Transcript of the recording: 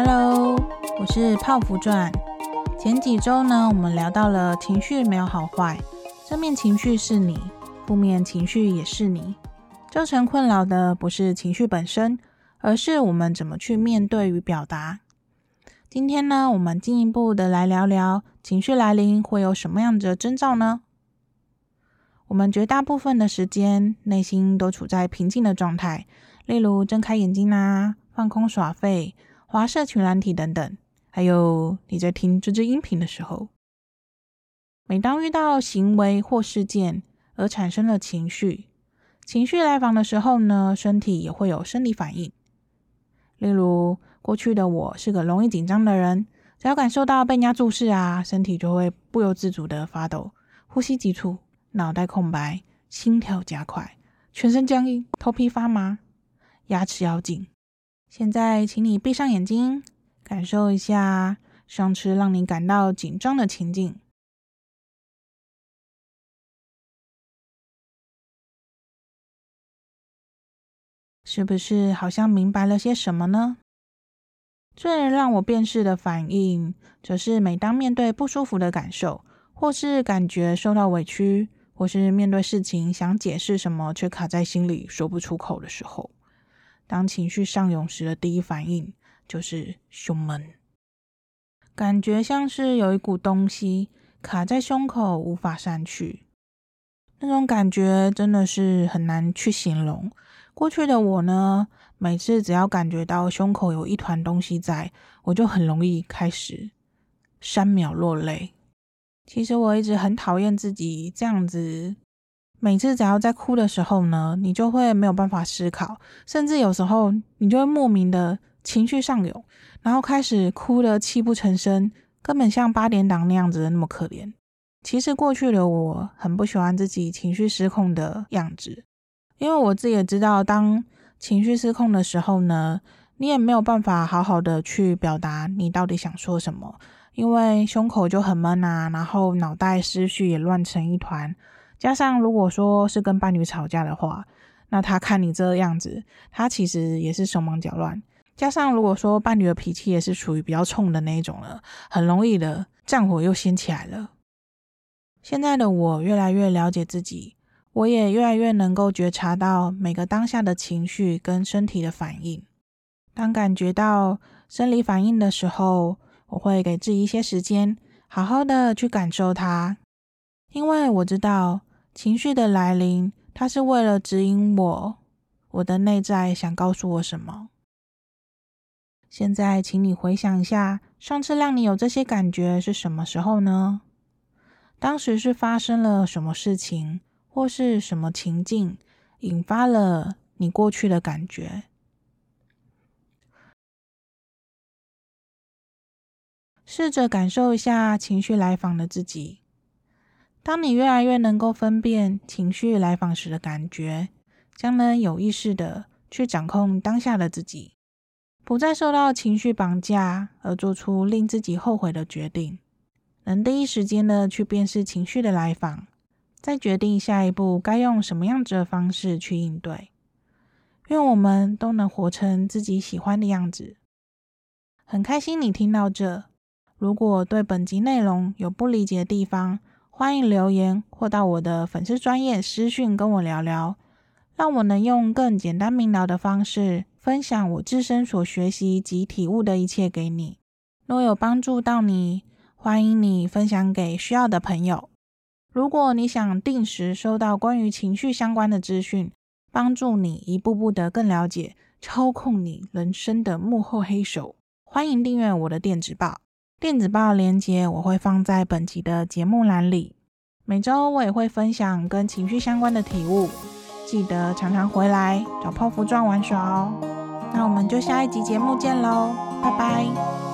Hello，我是泡芙鑽。前幾週呢，我們聊到了情緒沒有好壞，正面情緒是你，負面情緒也是你，造成困擾的不是情緒本身，而是我們怎麼去面對與表達。今天呢，我們進一步的來聊聊情緒來臨會有什麼樣的徵兆呢？我們絕大部分的時間內心都處在平靜的狀態，例如睜開眼睛啦、啊，放空耍廢。滑社群軟體等等，還有你在聽這支音頻的時候，每當遇到行為或事件而產生了情緒，情緒來訪的時候呢，身體也會有生理反應。例如，過去的我是個容易緊張的人，只要感受到被人注視啊，身體就會不由自主的發抖，呼吸急促，腦袋空白，心跳加快，全身僵硬，頭皮發麻，牙齒咬緊。現在，請你閉上眼睛，感受一下上次讓你感到緊張的情境，是不是好像明白了些什麼呢？最讓我辨識的反應，則是每當面對不舒服的感受，或是感覺受到委屈，或是面對事情想解釋什麼卻卡在心裡說不出口的時候，當情緒上湧時的第一反應就是胸悶，感覺像是有一股東西卡在胸口，無法散去。那種感覺真的是很難去形容。過去的我呢，每次只要感覺到胸口有一團東西在，我就很容易開始三秒落淚。其實我一直很討厭自己這樣子。每次只要在哭的時候呢，你就會沒有辦法思考，甚至有時候你就會莫名的情緒上湧，然後開始哭得泣不成聲，根本像八點檔那樣子的那麼可憐。其實過去的我很不喜歡自己情緒失控的樣子，因為我自己也知道，當情緒失控的時候呢，你也沒有辦法好好的去表達你到底想說什麼，因為胸口就很悶啊，然後腦袋思緒也亂成一團。加上，如果說是跟伴侶吵架的話，那他看你這個樣子，他其實也是手忙腳亂。加上，如果說伴侶的脾氣也是屬於比較衝的那一種了，很容易的戰火又掀起來了。現在的我越來越了解自己，我也越來越能夠覺察到每個當下的情緒跟身體的反應。當感覺到生理反應的時候，我會給自己一些時間，好好的去感受它，因為我知道。情緒的來臨，它是為了指引我，我的內在想告訴我什麼。現在，請你回想一下，上次讓你有這些感覺是什麼時候呢？當時是發生了什麼事情，或是什麼情境，引發了你過去的感覺？試着感受一下情緒來訪的自己。當你越來越能夠分辨情緒來訪時的感覺，將能有意識的去掌控當下的自己，不再受到情緒綁架而做出令自己後悔的決定，能第一時間的去辨識情緒的來訪，再決定下一步該用什麼樣子的方式去應對。願我們都能活成自己喜歡的樣子。很開心你聽到這，如果對本集內容有不理解的地方，歡迎留言或到我的粉絲專頁私訊跟我聊聊，讓我能用更簡單明了的方式，分享我自身所學習及體悟的一切給你。若有幫助到你，歡迎你分享給需要的朋友。如果你想定時收到關於情緒相關的資訊，幫助你一步步的更了解操控你人生的幕後黑手，歡迎訂閱我的電子報。電子報鏈接我會放在本集的節目欄裡。每周我也會分享跟情緒相關的體悟，記得常常回來找泡芙鑽玩耍哦。那我們就下一集節目見嘍，拜拜。